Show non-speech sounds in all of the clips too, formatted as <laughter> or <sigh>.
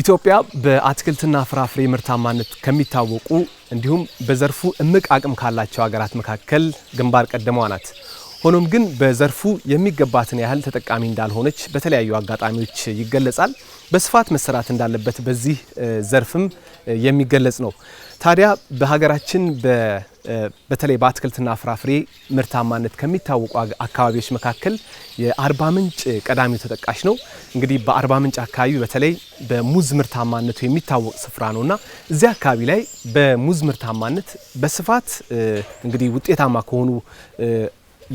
ኢትዮጵያ በአትክልትና ፍራፍሬ ምርታማነት ከሚታወቁ እንዲሁም በዘርፉ እምቅ አቅም ካላቸው ሀገራት መካከል ግንባር ቀደሟ ናት። ሆኖም ግን በዘርፉ የሚገባትን ያህል ተጠቃሚ እንዳልሆነች በተለያዩ አጋጣሚዎች ይገለጻል። በስፋት መሰራት እንዳለበት በዚህ ዘርፍም የሚገለጽ ነው። ታዲያ በሀገራችን በተለይ በአትክልትና ፍራፍሬ ምርታማነት ከሚታወቁ አካባቢዎች መካከል የአርባ ምንጭ ቀዳሚው ተጠቃሽ ነው። እንግዲህ በአርባ ምንጭ አካባቢ በተለይ በሙዝ ምርታማነቱ የሚታወቅ ስፍራ ነው እና እዚህ አካባቢ ላይ በሙዝ ምርታማነት በስፋት እንግዲህ ውጤታማ ከሆኑ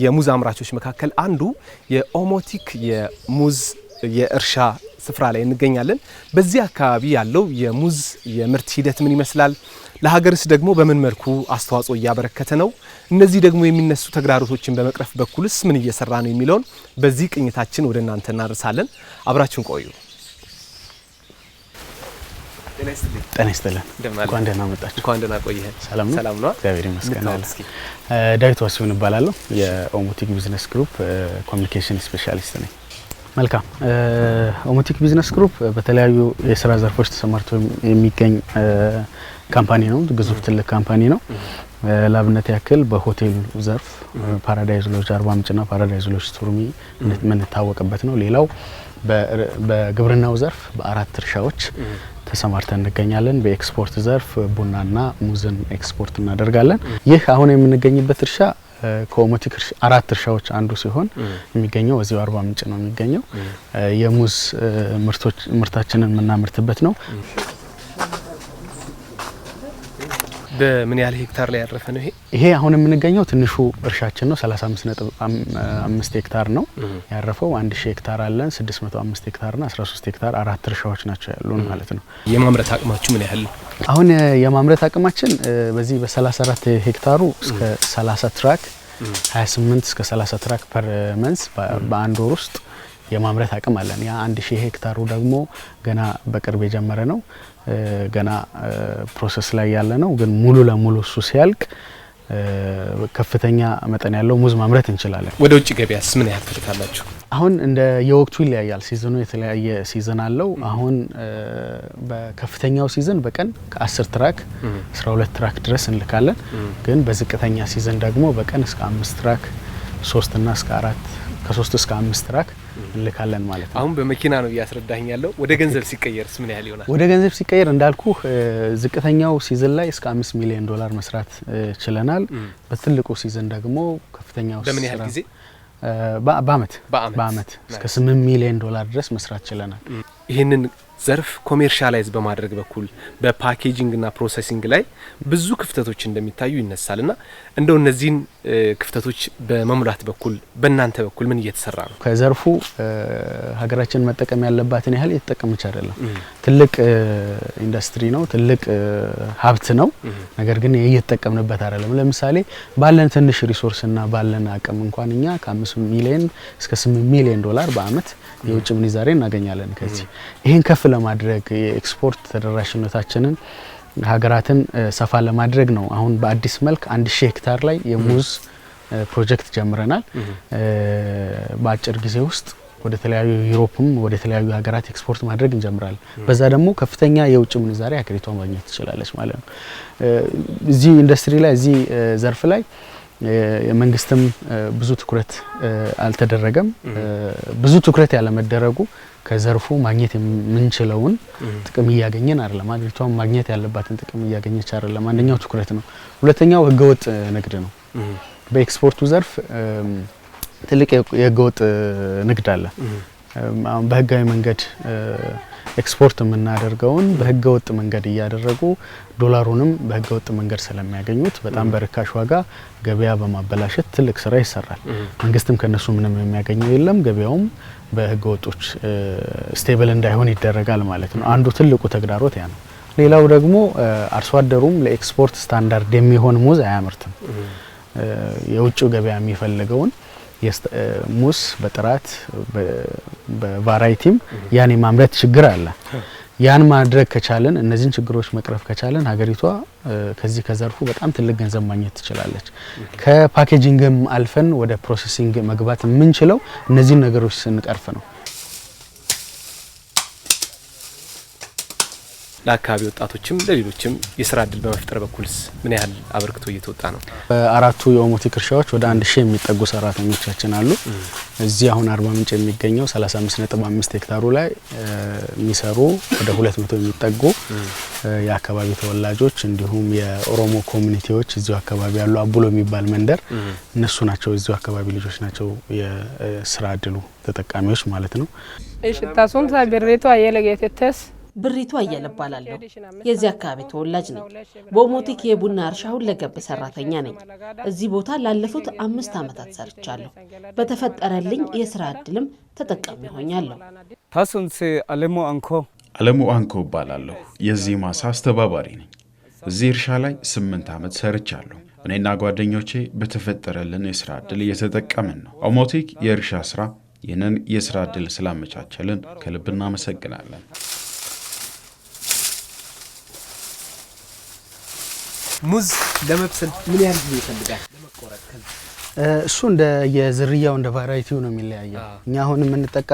የሙዝ አምራቾች መካከል አንዱ የኦሞቲክ የሙዝ የእርሻ ስፍራ ላይ እንገኛለን። በዚህ አካባቢ ያለው የሙዝ የምርት ሂደት ምን ይመስላል? ለሀገርስ ደግሞ በምን መልኩ አስተዋጽኦ እያበረከተ ነው? እነዚህ ደግሞ የሚነሱ ተግዳሮቶችን በመቅረፍ በኩልስ ምን እየሰራ ነው የሚለውን በዚህ ቅኝታችን ወደ እናንተ እናደርሳለን። አብራችሁን ቆዩ። ጤና ይስጥልን። እንኳን ደህና መጣችሁ። እንኳን ደህና ቆየህ። ሰላም ነው? ሰላም ነው። እግዚአብሔር ይመስገን። ዳዊት ዋሲሁን እባላለሁ። የኦሞቲክ ቢዝነስ ግሩፕ ኮሚኒኬሽን ስፔሻሊስት ነኝ። መልካም ኦሞቲክ ቢዝነስ ግሩፕ በተለያዩ የስራ ዘርፎች ተሰማርቶ የሚገኝ ካምፓኒ ነው። ግዙፍ ትልቅ ካምፓኒ ነው። ለአብነት ያክል በሆቴል ዘርፍ ፓራዳይዝ ሎጅ አርባ ምንጭና ፓራዳይዝ ሎጅ ቱርሚ የምንታወቅበት ነው። ሌላው በግብርናው ዘርፍ በአራት እርሻዎች ተሰማርተን እንገኛለን። በኤክስፖርት ዘርፍ ቡናና ሙዝን ኤክስፖርት እናደርጋለን። ይህ አሁን የምንገኝበት እርሻ ከኦሞቲክ አራት እርሻዎች አንዱ ሲሆን የሚገኘው እዚሁ አርባ ምንጭ ነው የሚገኘው። የሙዝ ምርቶች ምርታችንን የምናመርትበት ነው። በምን ያህል ሄክታር ላይ ያረፈ ነው ይሄ? ይሄ አሁን የምንገኘው ትንሹ እርሻችን ነው። 35.5 ሄክታር ነው ያረፈው። 1000 ሄክታር አለን፣ 605 እና 13 ሄክታር አራት እርሻዎች ናቸው ያሉን ማለት ነው። የማምረት አቅማችሁ ምን ያህል ነው? አሁን የማምረት አቅማችን በዚህ በ34 ሄክታሩ እስከ 30 ትራክ 28 እስከ 30 ትራክ ፐር መንስ በአንድ ወር ውስጥ የማምረት አቅም አለን። ያ አንድ ሺህ ሄክታሩ ደግሞ ገና በቅርብ የጀመረ ነው፣ ገና ፕሮሰስ ላይ ያለ ነው። ግን ሙሉ ለሙሉ እሱ ሲያልቅ ከፍተኛ መጠን ያለው ሙዝ ማምረት እንችላለን። ወደ ውጭ ገበያስ ምን ያህል ትልካላችሁ? አሁን እንደ የወቅቱ ይለያያል። ሲዝኑ የተለያየ ሲዝን አለው። አሁን በከፍተኛው ሲዝን በቀን ከ10 ትራክ 12 ትራክ ድረስ እንልካለን። ግን በዝቅተኛ ሲዝን ደግሞ በቀን እስከ አምስት ትራክ ሶስትና እስከ አራት ከሶስት እስከ አምስት ትራክ እንልካለን ማለት ነው። አሁን በመኪና ነው እያስረዳኝ ያለው። ወደ ገንዘብ ሲቀየርስ ምን ያህል ይሆናል? ወደ ገንዘብ ሲቀየር እንዳልኩ ዝቅተኛው ሲዝን ላይ እስከ አምስት ሚሊዮን ዶላር መስራት ችለናል። በትልቁ ሲዝን ደግሞ ከፍተኛው በምን ያህል ጊዜ? በአመት በአመት እስከ ስምንት ሚሊዮን ዶላር ድረስ መስራት ችለናል። ይህንን ዘርፍ ኮሜርሻላይዝ በማድረግ በኩል በፓኬጂንግና ፕሮሰሲንግ ላይ ብዙ ክፍተቶች እንደሚታዩ ይነሳል ና እንደው እነዚህን ክፍተቶች በመሙላት በኩል በእናንተ በኩል ምን እየተሰራ ነው? ከዘርፉ ሀገራችን መጠቀም ያለባትን ያህል እየተጠቀመች አይደለም። ትልቅ ኢንዱስትሪ ነው፣ ትልቅ ሀብት ነው። ነገር ግን እየተጠቀምንበት አይደለም። ለምሳሌ ባለን ትንሽ ሪሶርስና ባለን አቅም እንኳን እኛ ከአምስት ሚሊዮን እስከ ስምንት ሚሊዮን ዶላር በአመት የውጭ ምንዛሬ እናገኛለን ከዚህ ይህን ከፍ ለማድረግ የኤክስፖርት ተደራሽነታችንን ሀገራትን ሰፋ ለማድረግ ነው። አሁን በአዲስ መልክ አንድ ሺህ ሄክታር ላይ የሙዝ ፕሮጀክት ጀምረናል። በአጭር ጊዜ ውስጥ ወደ ተለያዩ ዩሮፕም ወደ ተለያዩ ሀገራት ኤክስፖርት ማድረግ እንጀምራለን። በዛ ደግሞ ከፍተኛ የውጭ ምንዛሬ ሀገሪቷ ማግኘት ትችላለች ማለት ነው። እዚህ ኢንዱስትሪ ላይ እዚህ ዘርፍ ላይ መንግስትም ብዙ ትኩረት አልተደረገም። ብዙ ትኩረት ያለመደረጉ ከዘርፉ ማግኘት የምንችለውን ጥቅም እያገኘን አይደለም። አገሪቷን ማግኘት ያለባትን ጥቅም እያገኘች አይደለም። አንደኛው ትኩረት ነው። ሁለተኛው ህገወጥ ንግድ ነው። በኤክስፖርቱ ዘርፍ ትልቅ የህገወጥ ንግድ አለ። በህጋዊ መንገድ ኤክስፖርት የምናደርገውን በህገ ወጥ መንገድ እያደረጉ ዶላሩንም በህገ ወጥ መንገድ ስለሚያገኙት በጣም በርካሽ ዋጋ ገበያ በማበላሸት ትልቅ ስራ ይሰራል። መንግስትም ከነሱ ምንም የሚያገኘው የለም። ገበያውም በህገ ወጦች ስቴብል እንዳይሆን ይደረጋል ማለት ነው። አንዱ ትልቁ ተግዳሮት ያ ነው። ሌላው ደግሞ አርሶ አደሩም ለኤክስፖርት ስታንዳርድ የሚሆን ሙዝ አያመርትም። የውጭው ገበያ የሚፈልገውን ሙስ በጥራት በቫራይቲም ያን የማምረት ችግር አለ። ያን ማድረግ ከቻለን እነዚህን ችግሮች መቅረፍ ከቻለን ሀገሪቷ ከዚህ ከዘርፉ በጣም ትልቅ ገንዘብ ማግኘት ትችላለች። ከፓኬጂንግም አልፈን ወደ ፕሮሴሲንግ መግባት የምንችለው እነዚህን ነገሮች ስንቀርፍ ነው። ለአካባቢ ወጣቶችም ለሌሎችም የስራ እድል በመፍጠር በኩልስ ምን ያህል አበርክቶ እየተወጣ ነው? በአራቱ የኦሞቲክ እርሻዎች ወደ አንድ ሺህ የሚጠጉ ሰራተኞቻችን አሉ። እዚህ አሁን አርባ ምንጭ የሚገኘው 35.5 ሄክታሩ ላይ የሚሰሩ ወደ 200 የሚጠጉ የአካባቢ ተወላጆች እንዲሁም የኦሮሞ ኮሚኒቲዎች እዚሁ አካባቢ ያሉ አቡሎ የሚባል መንደር እነሱ ናቸው። እዚሁ አካባቢ ልጆች ናቸው የስራ እድሉ ተጠቃሚዎች ማለት ነው። ሽታሱን ሳቢሬቱ አየለጌቴተስ ብሪቱ አየለ እባላለሁ። የዚህ አካባቢ ተወላጅ ነኝ። በኦሞቲክ የቡና እርሻ ሁለገብ ሰራተኛ ነኝ። እዚህ ቦታ ላለፉት አምስት ዓመታት ሰርቻለሁ። በተፈጠረልኝ የስራ እድልም ተጠቃሚ ሆኛለሁ። ታሱንሴ አለሙ አንኮ አለሙ አንኮ እባላለሁ። የዚህ ማሳ አስተባባሪ ነኝ። እዚህ እርሻ ላይ ስምንት ዓመት ሰርቻለሁ። እኔና ጓደኞቼ በተፈጠረልን የስራ እድል እየተጠቀምን ነው። ኦሞቲክ የእርሻ ስራ ይህንን የስራ እድል ስላመቻቸልን ከልብ እናመሰግናለን። ሙዝ ለመብሰል ምን ያህል ጊዜ ይፈልጋል? እሱ እንደ የዝርያው እንደ ቫራይቲው ነው የሚለያየው። እኛ አሁን የምንጠቃ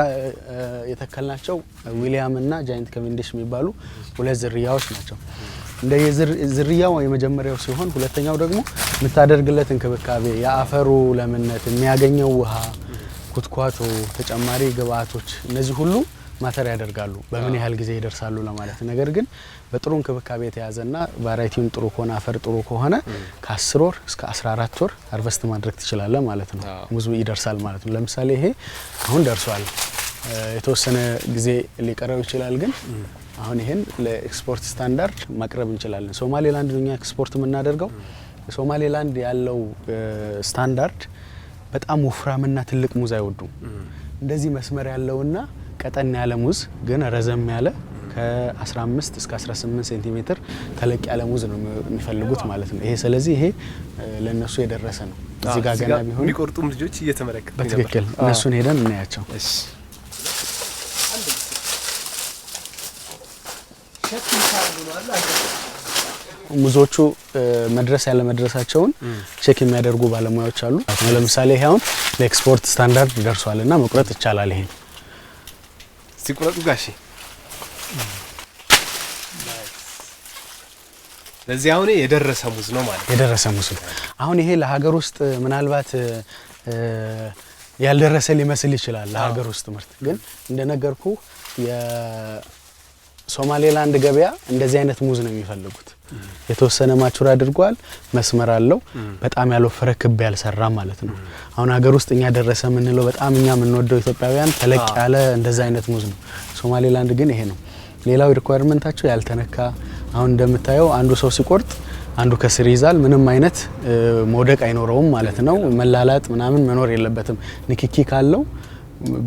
የተከልናቸው ዊሊያም እና ጃይንት ከቬንዲሽ የሚባሉ ሁለት ዝርያዎች ናቸው። እንደ ዝርያው የመጀመሪያው ሲሆን፣ ሁለተኛው ደግሞ የምታደርግለት እንክብካቤ፣ የአፈሩ ለምነት፣ የሚያገኘው ውሃ፣ ኩትኳቶ፣ ተጨማሪ ግብአቶች እነዚህ ሁሉ ማተር ያደርጋሉ በምን ያህል ጊዜ ይደርሳሉ ለማለት ነገር ግን በጥሩ እንክብካቤ የተያዘና ቫራይቲውን ጥሩ ከሆነ አፈር ጥሩ ከሆነ ከ10 ወር እስከ 14 ወር አርቨስት ማድረግ ትችላለ ማለት ነው። ሙዙ ይደርሳል ማለት ነው። ለምሳሌ ይሄ አሁን ደርሷል። የተወሰነ ጊዜ ሊቀረው ይችላል ግን አሁን ይሄን ለኤክስፖርት ስታንዳርድ ማቅረብ እንችላለን። ሶማሌላንድ ነው እኛ ኤክስፖርት የምናደርገው። ሶማሌላንድ ያለው ስታንዳርድ በጣም ወፍራምና ትልቅ ሙዝ አይወዱም። እንደዚህ መስመር ያለውና ቀጠን ያለ ሙዝ ግን ረዘም ያለ ከ15 እስከ 18 ሴንቲሜትር ተለቅ ያለ ሙዝ ነው የሚፈልጉት ማለት ነው። ይሄ ስለዚህ ይሄ ለእነሱ የደረሰ ነው። እዚህ ጋር ገና ቢሆን የሚቆርጡም ልጆች እየተመለከቱ በትክክል እነሱን ሄደን እናያቸው። ሙዞቹ መድረስ ያለ መድረሳቸውን ቼክ የሚያደርጉ ባለሙያዎች አሉ። ለምሳሌ ይሄ አሁን ለኤክስፖርት ስታንዳርድ ደርሷል እና መቁረጥ ይቻላል ይሄን ሲቆረጡ ጋሼ ለዚህ አሁን የደረሰ ሙዝ ነው ማለት የደረሰ ሙዝ ነው። አሁን ይሄ ለሀገር ውስጥ ምናልባት ያልደረሰ ሊመስል ይችላል። ለሀገር ውስጥ ምርት ግን እንደነገርኩ የሶማሌላንድ ገበያ እንደዚህ አይነት ሙዝ ነው የሚፈልጉት። የተወሰነ ማቹር አድርጓል። መስመር አለው። በጣም ያልወፈረ ክብ ያልሰራ ማለት ነው። አሁን ሀገር ውስጥ እኛ ደረሰ የምንለው በጣም እኛ የምንወደው ኢትዮጵያውያን ተለቅ ያለ እንደዛ አይነት ሙዝ ነው። ሶማሌላንድ ግን ይሄ ነው። ሌላው ሪኳየርመንታቸው ያልተነካ አሁን እንደምታየው አንዱ ሰው ሲቆርጥ አንዱ ከስር ይዛል። ምንም አይነት መውደቅ አይኖረውም ማለት ነው። መላላጥ ምናምን መኖር የለበትም። ንክኪ ካለው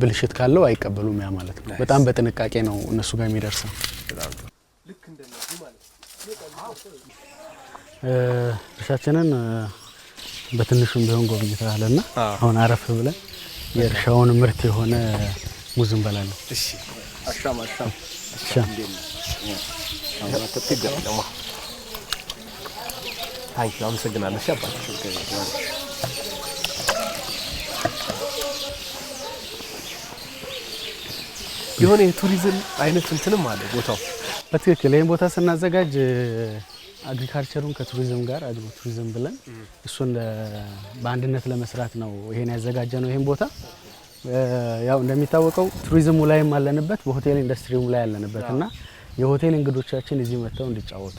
ብልሽት ካለው አይቀበሉም። ያ ማለት ነው። በጣም በጥንቃቄ ነው እነሱ ጋር የሚደርሰው። እርሻችንን በትንሹም ቢሆን ጎብኝተናልና አሁን አረፍ ብለን የእርሻውን ምርት የሆነ ሙዝ እንበላለን። የሆነ የቱሪዝም አይነት እንትንም አለ ቦታው በትክክል ይህን ቦታ ስናዘጋጅ አግሪካልቸሩን ከቱሪዝም ጋር አግሮ ቱሪዝም ብለን እሱን በአንድነት ለመስራት ነው ይሄን ያዘጋጀ ነው። ይሄን ቦታ ያው እንደሚታወቀው ቱሪዝሙ ላይም አለንበት፣ በሆቴል ኢንዱስትሪውም ላይ አለንበት እና የሆቴል እንግዶቻችን እዚህ መጥተው እንዲጫወቱ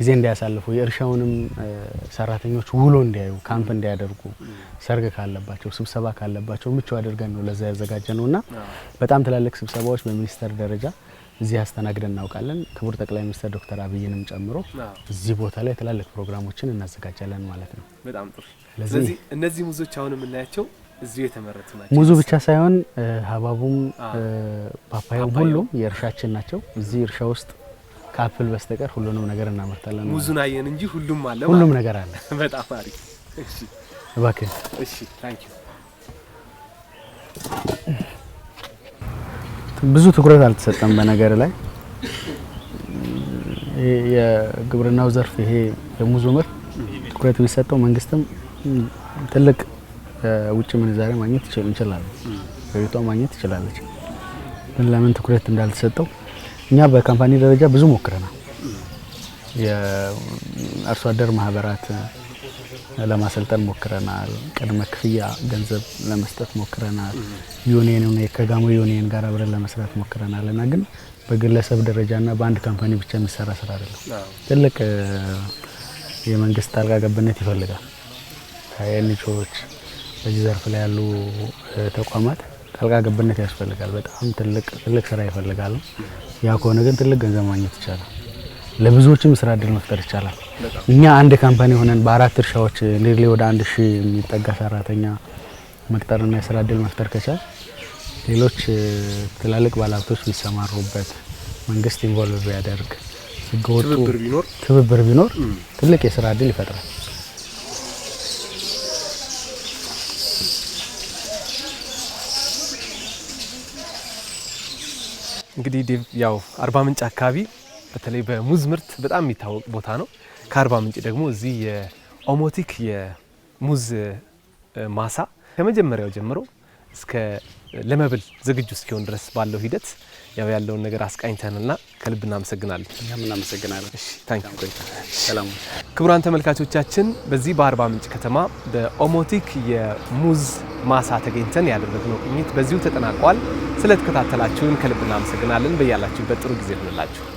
ጊዜ እንዲያሳልፉ የእርሻውንም ሰራተኞች ውሎ እንዲያዩ ካምፕ እንዲያደርጉ ሰርግ ካለባቸው ስብሰባ ካለባቸው ምቹ አድርገን ነው ለዛ ያዘጋጀ ነው እና በጣም ትላልቅ ስብሰባዎች በሚኒስተር ደረጃ እዚህ አስተናግደን እናውቃለን። ክቡር ጠቅላይ ሚኒስትር ዶክተር አብይንም ጨምሮ እዚህ ቦታ ላይ ትላልቅ ፕሮግራሞችን እናዘጋጃለን ማለት ነው። በጣም ጥሩ። ስለዚህ እነዚህ ሙዞች አሁን የምናያቸው እዚሁ የተመረቱ ናቸው። ሙዙ ብቻ ሳይሆን ሀባቡም፣ ፓፓያውም ሁሉም የእርሻችን ናቸው። እዚህ እርሻ ውስጥ ከአፕል በስተቀር ሁሉንም ነገር እናመርታለን። ሙዙን አየን እንጂ ሁሉም አለ፣ ሁሉም ነገር አለ። <laughs> በጣም አሪፍ። እሺ፣ እባክህ። እሺ፣ ታንኪዩ ብዙ ትኩረት አልተሰጠም። በነገር ላይ የግብርናው ዘርፍ ይሄ የሙዙ ምርት ትኩረት ቢሰጠው መንግስትም ትልቅ ውጭ ምንዛሬ ማግኘት ይችላል፣ በቤቷ ማግኘት ትችላለች። ግን ለምን ትኩረት እንዳልተሰጠው እኛ በካምፓኒ ደረጃ ብዙ ሞክረናል። የአርሶ አደር ማህበራት ለማሰልጠን ሞክረናል። ቅድመ ክፍያ ገንዘብ ለመስጠት ሞክረናል። ዩኒየን ከጋሞ ዩኒየን ጋር አብረን ለመስራት ሞክረናል እና ግን በግለሰብ ደረጃና በአንድ ካምፓኒ ብቻ የሚሰራ ስራ አይደለም። ትልቅ የመንግስት ጣልቃ ገብነት ይፈልጋል። ኤንጂኦዎች፣ በዚህ ዘርፍ ላይ ያሉ ተቋማት ጣልቃ ገብነት ያስፈልጋል። በጣም ትልቅ ትልቅ ስራ ይፈልጋል። ያ ከሆነ ግን ትልቅ ገንዘብ ማግኘት ይቻላል። ለብዙዎችም ስራ እድል መፍጠር ይቻላል። እኛ አንድ ካምፓኒ ሆነን በአራት እርሻዎች ኔርሊ ወደ አንድ ሺህ የሚጠጋ ሰራተኛ መቅጠርና የስራ እድል መፍጠር ከቻል ሌሎች ትላልቅ ባለሀብቶች ቢሰማሩበት፣ መንግስት ኢንቮልቭ ቢያደርግ፣ ህገወጡ ትብብር ቢኖር ትልቅ የስራ እድል ይፈጥራል። እንግዲህ ያው አርባ ምንጭ አካባቢ በተለይ በሙዝ ምርት በጣም የሚታወቅ ቦታ ነው። ከአርባ ምንጭ ደግሞ እዚህ የኦሞቲክ የሙዝ ማሳ ከመጀመሪያው ጀምሮ እስከ ለመብል ዝግጁ እስኪሆን ድረስ ባለው ሂደት ያው ያለውን ነገር አስቃኝተንና ከልብ እናመሰግናለን። ክቡራን ተመልካቾቻችን በዚህ በአርባ ምንጭ ከተማ በኦሞቲክ የሙዝ ማሳ ተገኝተን ያደረግነው ቅኝት በዚሁ ተጠናቋል። ስለተከታተላችሁን ከልብ እናመሰግናለን። በያላችሁበት ጥሩ ጊዜ ሆንላችሁ።